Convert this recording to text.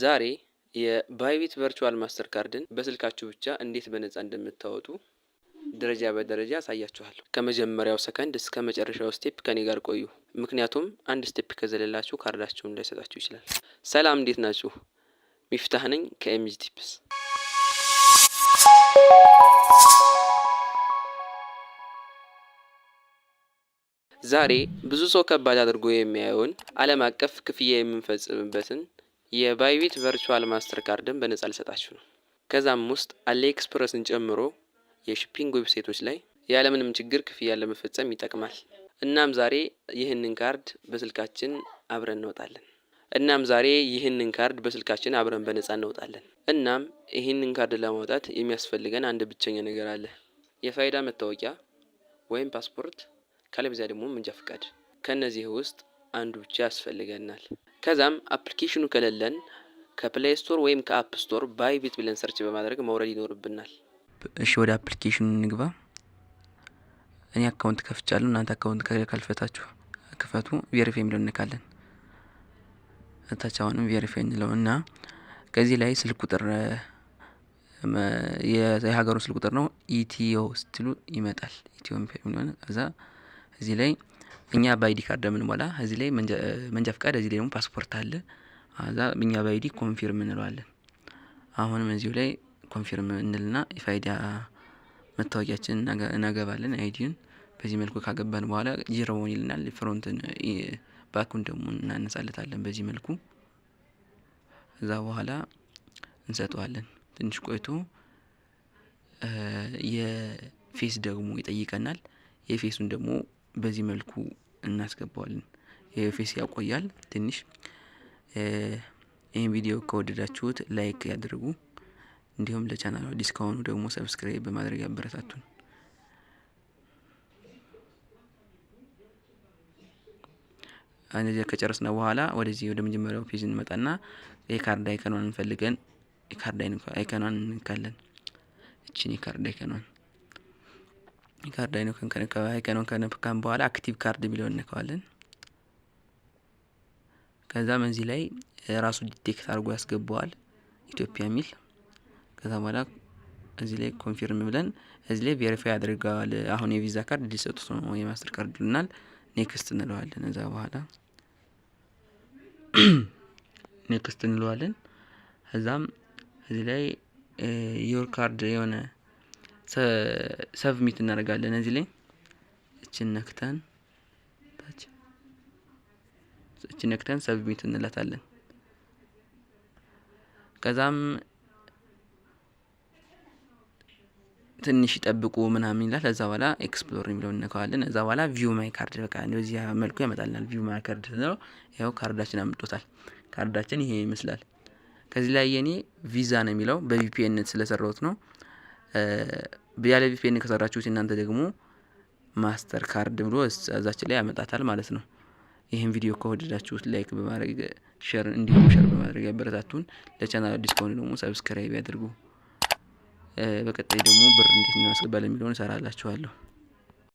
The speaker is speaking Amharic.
ዛሬ የባይቢት ቨርቹዋል ማስተር ካርድን በስልካችሁ ብቻ እንዴት በነጻ እንደምታወጡ ደረጃ በደረጃ አሳያችኋለሁ። ከመጀመሪያው ሰከንድ እስከ መጨረሻው ስቴፕ ከኔ ጋር ቆዩ፣ ምክንያቱም አንድ ስቴፕ ከዘለላችሁ ካርዳችሁን ላይሰጣችሁ ይችላል። ሰላም፣ እንዴት ናችሁ? ሚፍታህ ነኝ ከኤምጂ ቲፕስ። ዛሬ ብዙ ሰው ከባድ አድርጎ የሚያየውን ዓለም አቀፍ ክፍያ የምንፈጽምበትን የባይቢት ቨርቹዋል ማስተር ካርድን በነጻ ልሰጣችሁ ነው። ከዛም ውስጥ አሊኤክስፕረስን ጨምሮ የሺፒንግ ዌብሳይቶች ላይ ያለምንም ችግር ክፍያ ለመፈጸም ይጠቅማል። እናም ዛሬ ይህንን ካርድ በስልካችን አብረን እንወጣለን። እናም ዛሬ ይህንን ካርድ በስልካችን አብረን በነጻ እንወጣለን። እናም ይህንን ካርድ ለማውጣት የሚያስፈልገን አንድ ብቸኛ ነገር አለ። የፋይዳ መታወቂያ ወይም ፓስፖርት፣ ካለበዚያ ደግሞ መንጃ ፍቃድ። ከእነዚህ ውስጥ አንዱ ብቻ ያስፈልገናል። ከዛም አፕሊኬሽኑ ከሌለን ከፕሌይ ስቶር ወይም ከአፕ ስቶር ባይ ባይቢት ብለን ሰርች በማድረግ መውረድ ይኖርብናል። እሺ ወደ አፕሊኬሽኑ እንግባ። እኔ አካውንት ከፍቻለሁ። እናንተ አካውንት ካልፈታችሁ ክፈቱ። ቬሪፋይ የሚለው እንካለን። እታች አሁንም ቬሪፋይ እንለው እና ከዚህ ላይ ስልክ ቁጥር የሀገሩ ስልክ ቁጥር ነው። ኢትዮ ስትሉ ይመጣል። ኢትዮ ሆነ እዛ እዚህ ላይ እኛ በአይዲ ካርድ የምንሞላ እዚህ ላይ መንጃ ፍቃድ፣ እዚህ ላይ ደግሞ ፓስፖርት አለ። አዛ እኛ በአይዲ ኮንፊርም እንለዋለን። አሁንም እዚሁ ላይ ኮንፊርም እንልና ኢፋይዲያ መታወቂያችን እናገባለን። አይዲን በዚህ መልኩ ካገባን በኋላ ጅሮውን ይልናል። ፍሮንትን ባኩን ደግሞ እናነሳለታለን። በዚህ መልኩ እዛ በኋላ እንሰጠዋለን። ትንሽ ቆይቶ የፌስ ደግሞ ይጠይቀናል። የፌሱን ደግሞ በዚህ መልኩ እናስገባዋለን። ፌስ ያቆያል ትንሽ። ይህን ቪዲዮ ከወደዳችሁት ላይክ ያድርጉ። እንዲሁም ለቻናሉ አዲስ ከሆኑ ደግሞ ሰብስክራይብ በማድረግ ያበረታቱን። እንደዚያ ከጨረስነ በኋላ ወደዚህ ወደ መጀመሪያው ፔጅ እንመጣና የካርድ አይከኗን እንፈልገን የካርድ አይከኗን እንካለን። እችን የካርድ አይከኗን ካርድ አይነ ከነከባከነው ከነካን በኋላ አክቲቭ ካርድ የሚለውን እንነካዋለን። ከዛም እዚህ ላይ ራሱ ዲቴክት አድርጎ ያስገባዋል ኢትዮጵያ የሚል። ከዛ በኋላ እዚህ ላይ ኮንፊርም ብለን እዚህ ላይ ቬሪፋይ አድርገዋል። አሁን የቪዛ ካርድ ሊሰጡት ነው የማስተር ካርድ ልናል። ኔክስት እንለዋለን። እዛ በኋላ ኔክስት እንለዋለን። ከዛም እዚህ ላይ ዮር ካርድ የሆነ ሰብሚት እናደርጋለን። እዚህ ላይ እችን ነክተን ታች እችን ነክተን ሰብሚት እንላታለን። ከዛም ትንሽ ይጠብቁ ምናምን ይላል። እዛ በኋላ ኤክስፕሎር የሚለው እንነካዋለን። እዛ በኋላ ቪው ማይ ካርድ በቃ እዚህ መልኩ ያመጣልናል። ቪው ማይ ካርድ ስንለው ያው ካርዳችን አምጦታል። ካርዳችን ይሄ ይመስላል። ከዚህ ላይ የኔ ቪዛ ነው የሚለው በቪፒኤን ስለሰራሁት ነው። ያለ ፔን ከሰራችሁት እናንተ ደግሞ ማስተር ካርድ ብሎ እዛች ላይ ያመጣታል ማለት ነው። ይህን ቪዲዮ ከወደዳችሁት ላይክ በማድረግ ሸር፣ እንዲሁም ሸር በማድረግ ያበረታቱን። ለቻናል አዲስ ከሆኑ ደግሞ ሰብስክራይብ ያድርጉ። በቀጣይ ደግሞ ብር እንዴት እናስገባለን የሚለውን እሰራላችኋለሁ።